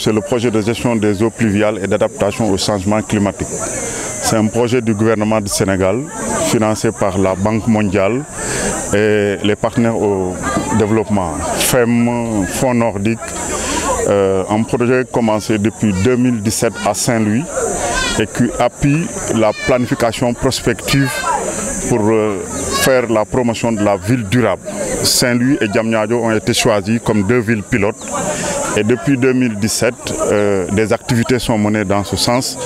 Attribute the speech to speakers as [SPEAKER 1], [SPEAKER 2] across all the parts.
[SPEAKER 1] C'est le projet de gestion des eaux pluviales et d'adaptation au changement climatique. C'est un projet du gouvernement du Sénégal, financé par la Banque mondiale et les partenaires au développement, FEM, Fonds nordique. Euh, un projet commencé depuis 2017 à Saint-Louis et qui appuie la planification prospective pour euh, faire la promotion de la ville durable. Saint-Louis et Diamniadio ont été choisis comme deux villes pilotes et depuis 2017, euh, des activités sont menées dans ce sens,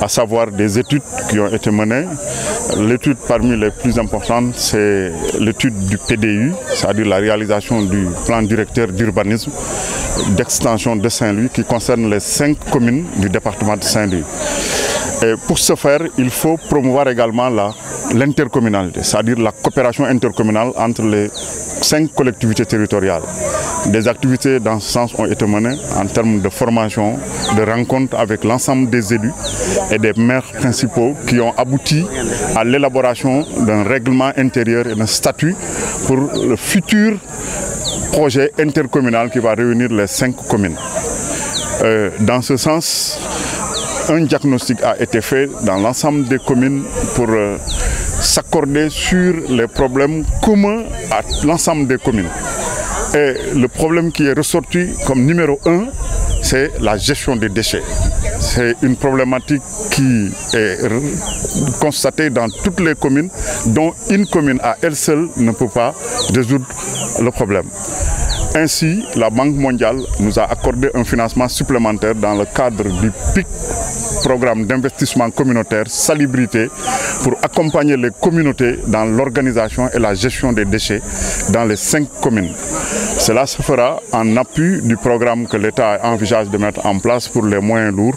[SPEAKER 1] à savoir des études qui ont été menées. L'étude parmi les plus importantes, c'est l'étude du PDU, c'est-à-dire la réalisation du plan directeur d'urbanisme d'extension de Saint-Louis qui concerne les cinq communes du département de Saint-Louis. Et pour ce faire, il faut promouvoir également l'intercommunalité, c'est-à-dire la coopération intercommunale entre les cinq collectivités territoriales. Des activités dans ce sens ont été menées en termes de formation, de rencontres avec l'ensemble des élus et des maires principaux qui ont abouti à l'élaboration d'un règlement intérieur et d'un statut pour le futur projet intercommunal qui va réunir les cinq communes. Euh, dans ce sens, un diagnostic a été fait dans l'ensemble des communes pour euh, s'accorder sur les problèmes communs à l'ensemble des communes. Et le problème qui est ressorti comme numéro un, c'est la gestion des déchets. C'est une problématique qui est constatée dans toutes les communes, dont une commune à elle seule ne peut pas résoudre le problème. Ainsi, la Banque mondiale nous a accordé un financement supplémentaire dans le cadre du PIC, programme d'investissement communautaire Salubrité, pour accompagner les communautés dans l'organisation et la gestion des déchets dans les cinq communes. Cela se fera en appui du programme que l'État envisage de mettre en place pour les moyens lourds.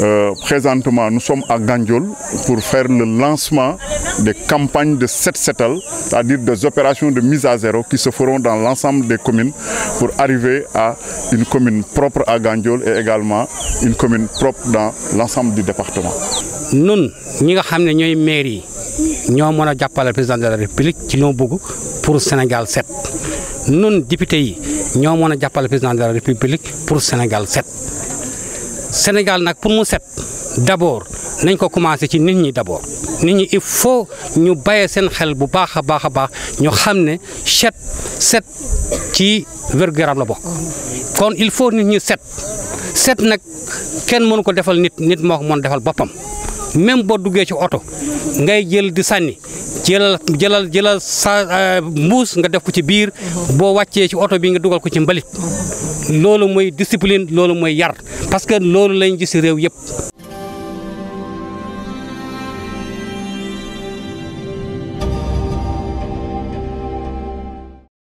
[SPEAKER 1] Euh, présentement, nous sommes à Gandiol pour faire le lancement des campagnes de set settle, c'est-à-dire des opérations de mise à zéro qui se feront dans l'ensemble des communes pour arriver à une commune propre à Gandiol et également une commune propre dans l'ensemble du département.
[SPEAKER 2] Nous, nous sommes les mairies, nous sommes le président de la République qui nous beaucoup pour le Sénégal 7. Nous, députés, nous sommes le président de la République pour le Sénégal 7. Sénégal, pour nous 7, d'abord, nous avons commencé par nous d'abord. nit ñi il faut ñu bàyyee seen xel bu baax a baax a baax ñu xam ne set set ci wér-gu-yaram la bokk kon il faut nit ñi set set nag kenn mënu ko defal nit nit moo ko mën defal boppam même boo duggee ci oto ngay jël di sànni jëlal jëlal jëlal sa euh, mbuus nga def ko ci biir boo wàccee ci oto bi nga dugal ko ci mbalit loolu mooy discipline loolu mooy yar parce que loolu lañ gis réew yëpp